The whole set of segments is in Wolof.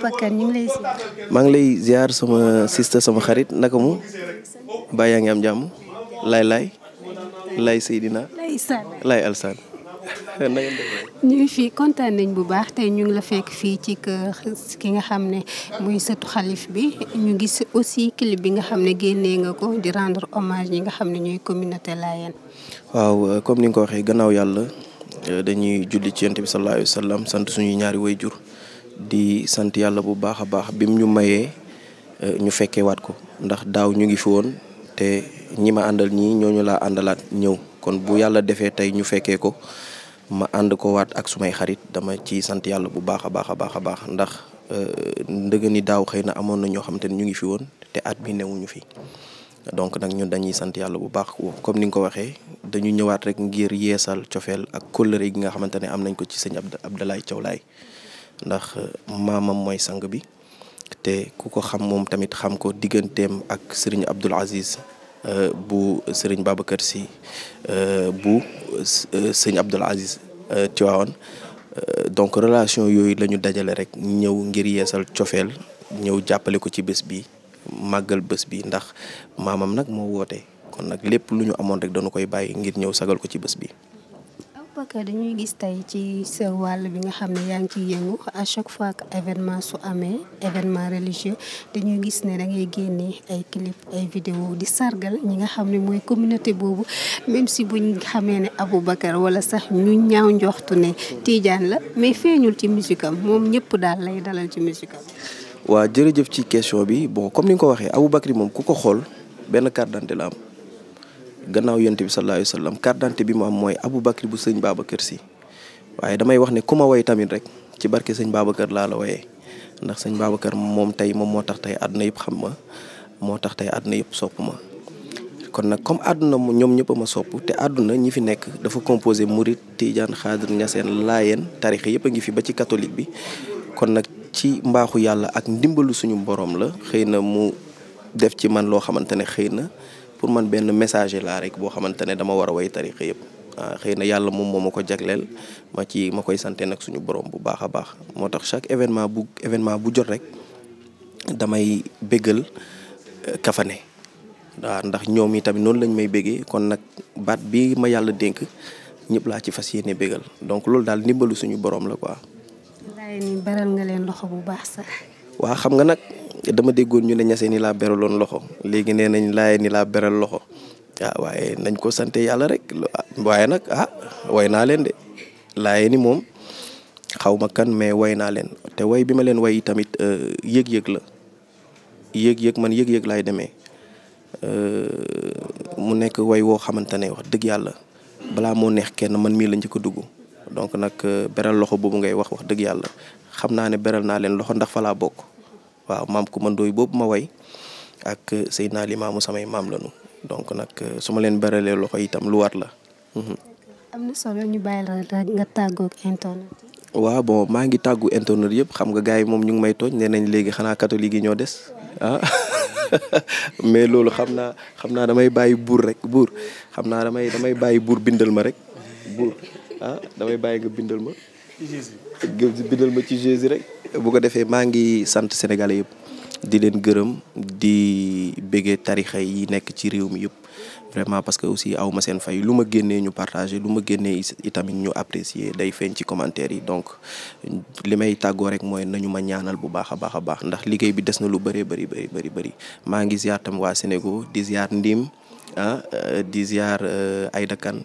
Papa Kane ñu maa ngi lay ziar sama sister sama xarit naka mu mbaa am jàmm lay lay lay Seydina lay Alsaan ñu ngi fii kontaan nañ bu baax tey ñu ngi la fekk fii ci ki nga xam ne muy sëtu xalif bi ñu gis aussi clip bi nga xam ne génnee nga ko di rendre hommage ñi nga xam ne ñuy communauté Layène. waaw euh, comme ni nga ko waxee gannaaw yàlla euh, dañuy julli ci yonent bi sallallahu alayhi sant suñuy ñaari jur di sant yàlla bu baax a baax bi mu ñu mayee e, ñu fekkee waat ko ndax daaw ñu ngi fi woon te ñi ma àndal ñii ñu laa àndalaat ñëw kon bu yàlla defee tey ñu fekkee ko ma ànd ko waat ak sumay xarit dama ci sant yàlla bu baax a baax baax a baax ndax e, ndëgë ni daaw xëy na amoon na ñoo xam te ñu ngi fi woon te at bi newuñu fi donc nag ñun dañuy sant yàlla bu baax comme ni nga ko waxee dañu ñëwaat rek ngir yeesal cofeel ak kóllëre yi nga xamante ne am nañ ko ci sëñ Abdoulaye Thiaw Laye ndax euh, maamam mooy sang bi te ku ko xam moom tamit xam ko digganteem ak sëriñ Abdul Aziz euh, bu sëriñ Babacar Sy euh, bu sëriñ Abdul Aziz Tiwaawan donc relation yooyu lañu dajale rek ñëw ngir yeesal cofeel ñëw jàppale ko ci bés bi màggal bés bi ndax maamam nag moo woote kon nag lépp lu ñu amoon rek dañu koy bàyyi ngir ñëw sagal ko ci bés bi que dañuy gis tey ci sa wàll bi nga xam ne yaa ngi ciy yëngu à chaque fois que événement su amee événement religieux dañuy gis ne da ngay génne ay clip ay vidéo di sargal ñi nga xam ne mooy communauté boobu même si buñ xamee ne abu Aboubacar wala sax ñu ñaaw njoxtu ne Tidiane la mais feeñul ci musique am moom ñëpp daal lay dalal ci musique am. waa jërëjëf ci question bi boo comme ni nga ko waxee Aboubacry moom ku ko xool benn carte d'identité la am. gannaaw yonte bi sallallahu alayhi wa sallam carte bi mu am mooy Aboubacry bu sëñ Babacar si waaye damay wax ne ku ma woy tamit rek ci barke sëñ Babacar laa la woyee ndax sëñ Babacar moom tey moom moo tax tey àdduna yëpp xam moo tax tey àdduna yëpp sopp ma kon nag comme àdduna ñoom ñëpp a ma sopp te àdduna ñi fi nekk dafa composé murit Tidiane Xaadir Ñaseen Laayeen tarixe yëpp ngi fi ba ci catholique bi kon nag ci mbaaxu yàlla ak ndimbalu suñu boroom la xëy na mu def ci man loo xamante ne xëy na pour man benn messager laa rek boo xamante ne dama war a way tarixa yëpp waaw ah, xëy na yàlla moom moo ma ko jagleel ma ci ma koy sante nag suñu borom bu baax a baax moo tax chaque événement bu événement bu jot rek damay béggal euh, kafane waaw ndax ñoom yi tamit noonu lañ may béggee kon nag baat bi ma yàlla dénk ñëpp laa ci fas yéene bégal donc loolu daal ndimbalu suñu boroom la ko waa xam nga nag dama déggoon ñu ne ñase ni laa beraloon loxo léegi nee nañ laaye ni laa beral loxo ah, waaye nañ ko sant yàlla rek ah, waaye nag ah way naa leen de laaye ni moom xawma kan mais way naa leen te way bi ma leen way tamit euh, yëg-yëg la yëg-yëg man yëg-yëg laay demee euh, mu nekk way woo xamante ne wax dëgg yàlla balaa moo neex kenn man mii la njëkk a dugg donc nag euh, beral loxo boobu ngay wax wax dëgg yàlla xam naa ne beral naa leen loxo ndax fa laa bokk waaw maam Coumba Ndoye boobu ma way ak li Limaamu samay maam lañu donc nag su ma leen beralee loxo itam lu war la. Mhm. am na solo ñu bàyyi la nga tàggoo waaw bon maa ngi tàggu internet yëpp xam nga gars yi moom ñu ngi may tooñ nee nañ léegi xanaa catholique yi ñoo des ah mais loolu xam naa xam naa damay bàyyi buur rek buur xam naa damay damay bàyyi buur bindal ma rek buur ah, damay bàyyi nga bindal ma. bindal ma ci Jésus rek bu ko defee maa ngi sant sénégalais yëpp di leen gërëm di béggee tarixa yi nekk ci réew mi yëpp vraiment parce que aussi aw ma seen fay lu ma génnee ñu partagé lu ma génnee itamit ñu apprécier day feeñ ci commentaire yi donc li may tàggoo rek mooy nañu ma ñaanal bu baax a baax a baax ndax liggéey bi des na lu bëree bëri bëri bëri bëri maa ngi ziar tam waa Sénégal di ziar Ndim ah di ziar euh, Aïda Kane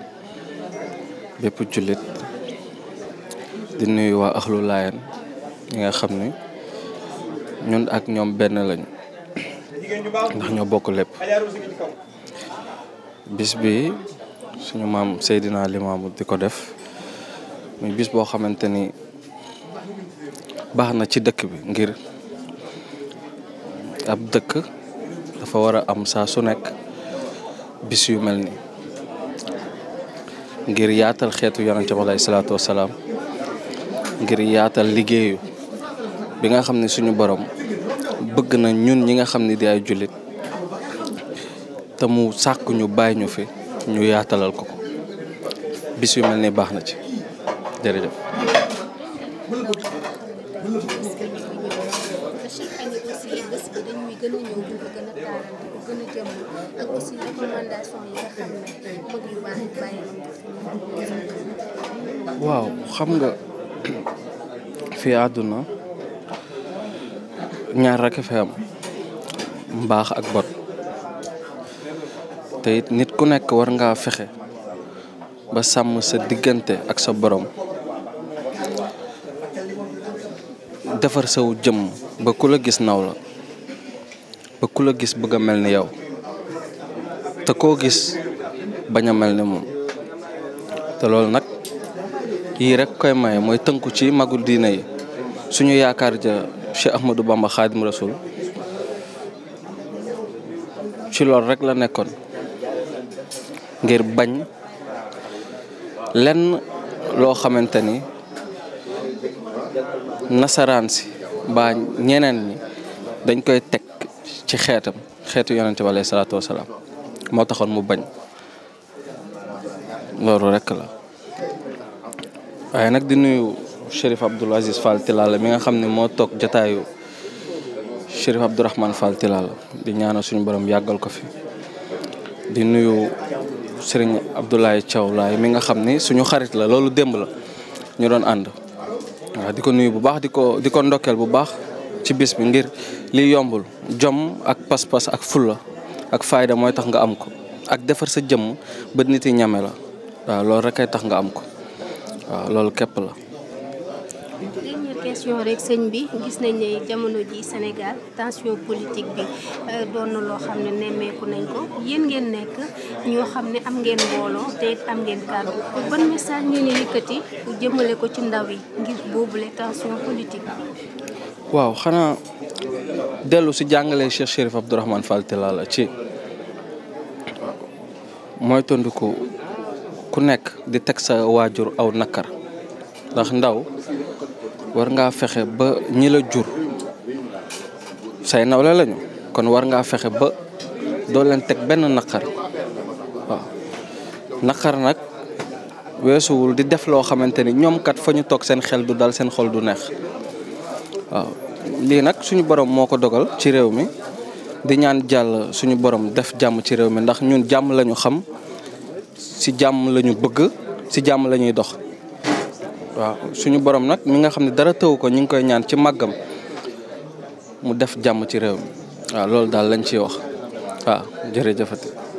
bépp jullit di nuyu waa axlu laayeen ñi nga xam ni ñun ak ñoom benn lañu ndax ñoo bokk lépp bis bi suñu maam Seydina Limaamu di ko def muy bis boo xamante ni baax na ci dëkk bi ngir ab dëkk dafa war a am saa su nekk bis yu mel ni ngir yaatal xeetu yonente bi alayhi salaatu wasalaam ngir yaatal liggéeyu bi nga xam ne suñu borom bëgg na ñun ñi nga xam ni di ay jullit te mu sàkk ñu bàyyi ñu fi ñu yaatalal ko ko bis yu mel ni baax na ci jërëjëf waaw xam nga fi àdduna ñaar rek a mbaax ak bot te it nit ku nekk war ngaa fexe ba sàmm sa diggante ak sa boroom defar saw jëm ba ku la gis naw la ba ku la gis bëgg mel ni yow te koo gis bañ a mel ni moom te loolu nag yii rek koy maye mooy tënku ci magul diine yi suñu yaakaar ja Cheikh Ahmadou Bamba Xaadim Rasul ci loolu rek la nekkoon ngir bañ lenn loo xamante ni nasaraan si ba ñeneen ñi dañ koy teg ci xeetam xeetu yonente bi alayhi salaatu wasalaam moo taxoon mu bañ loolu rekk la waaye nag di nuyu Chérif Abdoul Aziz Fall mi nga xam ne moo toog jataayu Chérif Abdourahmane Fall Tilala di ñaanal suñu borom yàggal ko fi di nuyu sëriñ Abdoulaye Thiaw mi nga xam ni suñu xarit la loolu démb la ñu doon ànd waaw di ko nuyu bu baax di ko ndokkeel bu baax ci bis bi ngir li yombul jomm ak pas-pas ak fulla ak fayda mooy tax nga am ko ak defar sa jëmm ba nit ñame la waaw loolu rek ay tax nga am ko waaw loolu képp la. dernière question bi gis euh, loo xam ne nemmeeku nañ ko yéen ngeen nekk ñoo xam ne am ngeen mbooloo te am ngeen kàddu ban message ngeen yëkkati jëmale ko ci ndaw yi ngir boobule tension politique. waaw xanaa dellu si jàngale Cheikh Chérif Abdourahmane Fall Tilala la ci mooy tondiku ku nekk di teg sa waajur aw nakkar ndax ndaw war ngaa fexe ba ñila la jur say nawle lañu kon war ngaa fexe ba doo leen teg benn naqar waaw naqar nag weesuwul di def loo xamante ni ñoom kat fa ñu toog seen xel du dal seen xol du neex waaw lii nag suñu boroom moo ko dogal ci réew mi di ñaan jàll suñu boroom def jàmm ci réew mi ndax ñun jàmm lañu xam si jàmm lañu bëgg si jàmm lañuy dox. waaw suñu boroom nag mi nga xam ne dara tëw ko ñu ngi koy ñaan ci màggam mu def jàmm ci réew mi waaw loolu daal lañ ciy wax waaw jërëjëfati